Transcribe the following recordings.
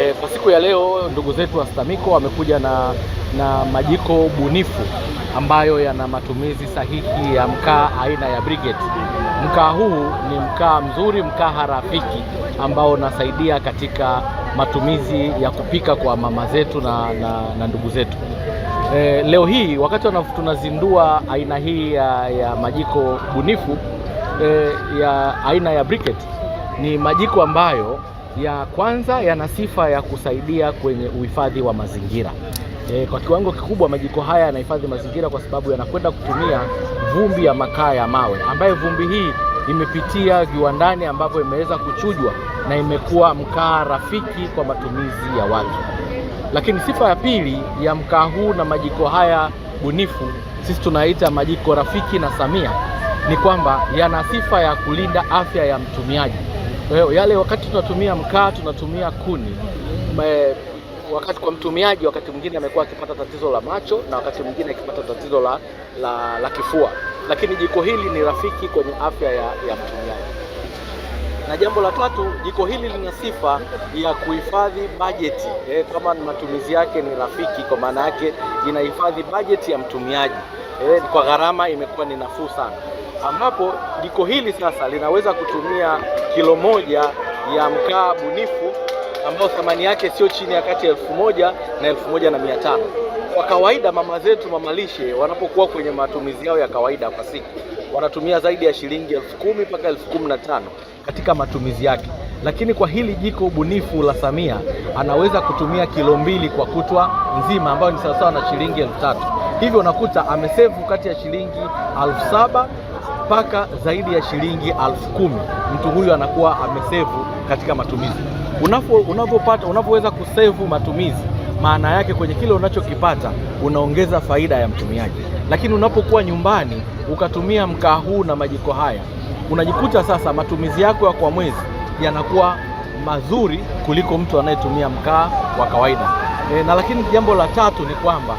E, kwa siku ya leo ndugu zetu wa STAMICO wamekuja na, na majiko bunifu ambayo yana matumizi sahihi ya mkaa aina ya briquette. Mkaa huu ni mkaa mzuri, mkaa rafiki ambao unasaidia katika matumizi ya kupika kwa mama zetu na, na, na ndugu zetu. E, leo hii wakati tunazindua aina hii ya, ya majiko bunifu e, ya aina ya briquette ni majiko ambayo ya kwanza yana sifa ya kusaidia kwenye uhifadhi wa mazingira. E, kwa kiwango kikubwa majiko haya yanahifadhi mazingira kwa sababu yanakwenda kutumia vumbi ya makaa ya mawe ambayo vumbi hii imepitia viwandani ambapo imeweza kuchujwa na imekuwa mkaa rafiki kwa matumizi ya watu. Lakini sifa ya pili ya mkaa huu na majiko haya bunifu sisi tunaita majiko rafiki na Samia ni kwamba yana sifa ya kulinda afya ya mtumiaji. Kwa hiyo yale, wakati tunatumia mkaa, tunatumia kuni Me, wakati kwa mtumiaji, wakati mwingine amekuwa akipata tatizo la macho na wakati mwingine akipata tatizo la, la, la kifua, lakini jiko hili ni rafiki kwenye afya ya, ya mtumiaji. Na jambo la tatu, jiko hili lina sifa ya kuhifadhi bajeti eh, kama matumizi yake ni rafiki, kwa maana yake inahifadhi bajeti ya mtumiaji eh, kwa gharama imekuwa ni nafuu sana, ambapo jiko hili sasa linaweza kutumia kilo moja ya mkaa bunifu ambao thamani yake sio chini ya kati ya elfu moja na elfu moja na mia tano. Kwa kawaida mama zetu mamalishe wanapokuwa kwenye matumizi yao ya kawaida kwa siku wanatumia zaidi ya shilingi elfu kumi mpaka elfu kumi na tano katika matumizi yake, lakini kwa hili jiko bunifu la Samia anaweza kutumia kilo mbili kwa kutwa nzima, ambayo ni sawasawa na shilingi elfu tatu hivyo unakuta amesevu kati ya shilingi alfu saba mpaka zaidi ya shilingi alfu kumi mtu huyu anakuwa amesevu katika matumizi. Unavyopata, unavyoweza kusevu matumizi, maana yake kwenye kile unachokipata unaongeza faida ya mtumiaji, lakini unapokuwa nyumbani ukatumia mkaa huu na majiko haya, unajikuta sasa matumizi yako ya kwa mwezi yanakuwa mazuri kuliko mtu anayetumia mkaa wa kawaida. E, na lakini jambo la tatu ni kwamba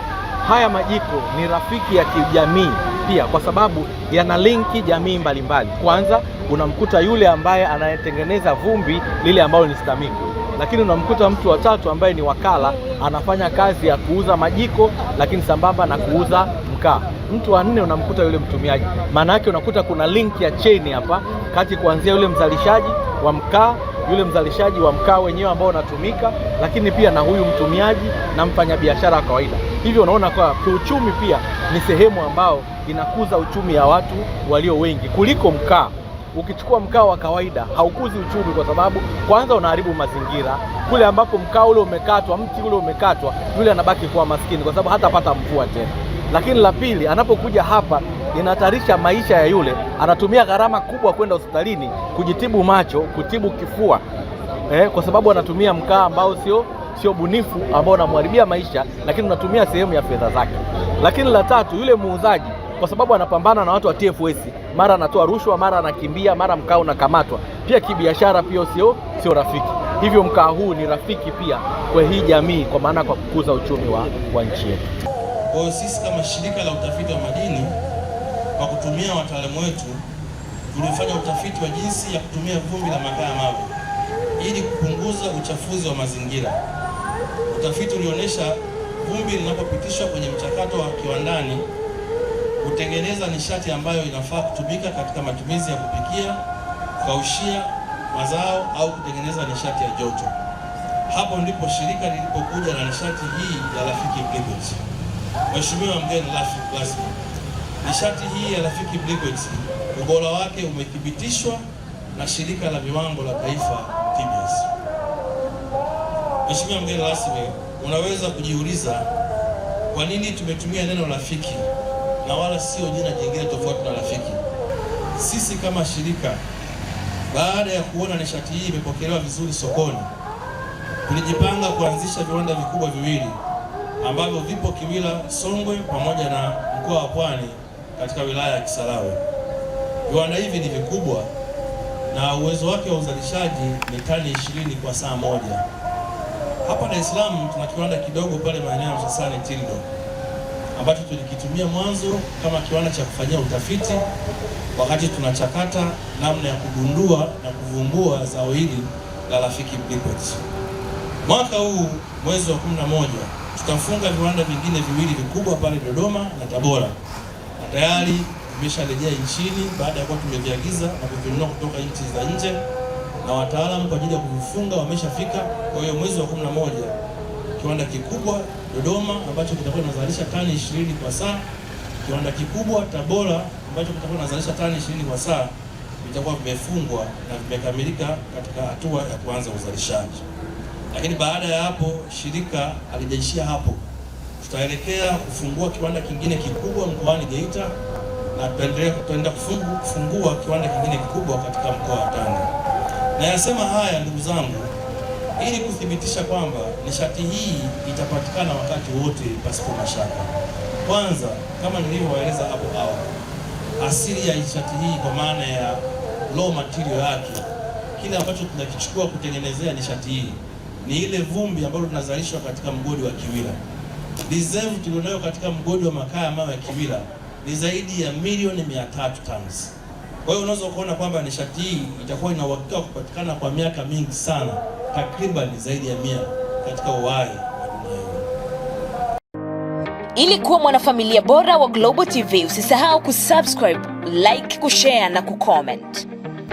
haya majiko ni rafiki ya kijamii pia, kwa sababu yana linki jamii mbalimbali mbali. Kwanza unamkuta yule ambaye anayetengeneza vumbi lile ambalo ni stamiko lakini unamkuta mtu wa tatu ambaye ni wakala anafanya kazi ya kuuza majiko, lakini sambamba na kuuza mkaa. Mtu wa nne unamkuta yule mtumiaji. Maana yake unakuta kuna linki ya cheni hapa kati kuanzia yule mzalishaji wa mkaa yule mzalishaji wa mkaa wenyewe ambao unatumika, lakini pia na huyu mtumiaji na mfanyabiashara wa kawaida. Hivyo unaona kwa kiuchumi pia ni sehemu ambao inakuza uchumi ya watu walio wengi kuliko mkaa. Ukichukua mkaa wa kawaida haukuzi uchumi, kwa sababu kwanza unaharibu mazingira. Kule ambapo mkaa ule umekatwa, mti ule umekatwa, yule anabaki kuwa maskini, kwa sababu hatapata mvua tena. Lakini la pili, anapokuja hapa inahatarisha maisha ya yule, anatumia gharama kubwa kwenda hospitalini kujitibu macho, kutibu kifua eh, kwa sababu anatumia mkaa ambao sio sio bunifu, ambao unamharibia maisha, lakini unatumia sehemu ya fedha zake. Lakini la tatu, yule muuzaji kwa sababu anapambana na watu wa TFS, mara anatoa rushwa, mara anakimbia, mara mkaa unakamatwa. Pia kibiashara pia sio sio rafiki. Hivyo mkaa huu ni rafiki pia kwa hii jamii, kwa maana kwa kukuza uchumi wa, wa nchi yetu. Kwa sisi kama shirika la utafiti wa madini kwa kutumia wataalamu wetu tulifanya utafiti wa jinsi ya kutumia vumbi la makaa mawe ili kupunguza uchafuzi wa mazingira. Utafiti ulionyesha vumbi linapopitishwa kwenye mchakato wa kiwandani hutengeneza nishati ambayo inafaa kutumika katika matumizi ya kupikia, kukaushia mazao au kutengeneza nishati ya joto. Hapo ndipo shirika lilipokuja na nishati hii ya Rafiki Mheshimiwa mgeni rasmi Nishati hii ya rafiki Briquettes ubora wake umethibitishwa na shirika la viwango la taifa TBS. Mheshimiwa mgeni rasmi, unaweza kujiuliza kwa nini tumetumia neno rafiki na wala sio jina jingine tofauti na rafiki. Sisi kama shirika, baada ya kuona nishati hii imepokelewa vizuri sokoni, tulijipanga kuanzisha viwanda vikubwa viwili ambavyo vipo kiwila Songwe pamoja na mkoa wa Pwani katika wilaya ya Kisarawe. Viwanda hivi ni vikubwa na uwezo wake wa uzalishaji ni tani ishirini kwa saa moja. Hapa Dar es Salaam tuna kiwanda kidogo pale maeneo ya Msasani Tindo ambacho tulikitumia mwanzo kama kiwanda cha kufanyia utafiti wakati tunachakata namna ya kugundua na kuvumbua zao hili la Rafiki Briquettes. Mwaka huu mwezi wa 11 tutafunga viwanda vingine viwili vikubwa pale Dodoma na Tabora tayari vimesharejea nchini baada ya kuwa tumeviagiza na kuvinunua kutoka nchi za nje, na wataalamu kwa ajili ya kuvifunga wameshafika. Kwa hiyo mwezi wa 11 kiwanda kikubwa Dodoma ambacho kitakuwa kinazalisha tani 20 kwa saa, kiwanda kikubwa Tabora ambacho kitakuwa kinazalisha tani 20 kwa saa vitakuwa vimefungwa na vimekamilika katika hatua ya kuanza uzalishaji. Lakini baada ya hapo shirika alijaishia hapo tutaelekea kufungua kiwanda kingine kikubwa mkoani Geita na tutaendelea kufungu, kufungua kiwanda kingine kikubwa katika mkoa wa Tanga. Nayasema haya ndugu zangu, ili kuthibitisha kwamba nishati hii itapatikana wakati wote pasipo mashaka. Kwanza, kama nilivyowaeleza hapo awali, asili ya nishati hii kwa maana ya raw material yake, kile ambacho tunakichukua kutengenezea nishati hii ni ile vumbi ambalo tunazalishwa katika mgodi wa Kiwira reserve tulionayo katika mgodi wa makaa ya mawe ya Kiwira ni zaidi ya milioni 300 tons. Kwa hiyo unaweza kuona kwamba nishati hii itakuwa ina uhakika wa kupatikana kwa miaka mingi sana, takriban zaidi ya mia katika uhai Ili kuwa mwanafamilia bora wa Global TV, usisahau kusubscribe, like, kushare na kucomment.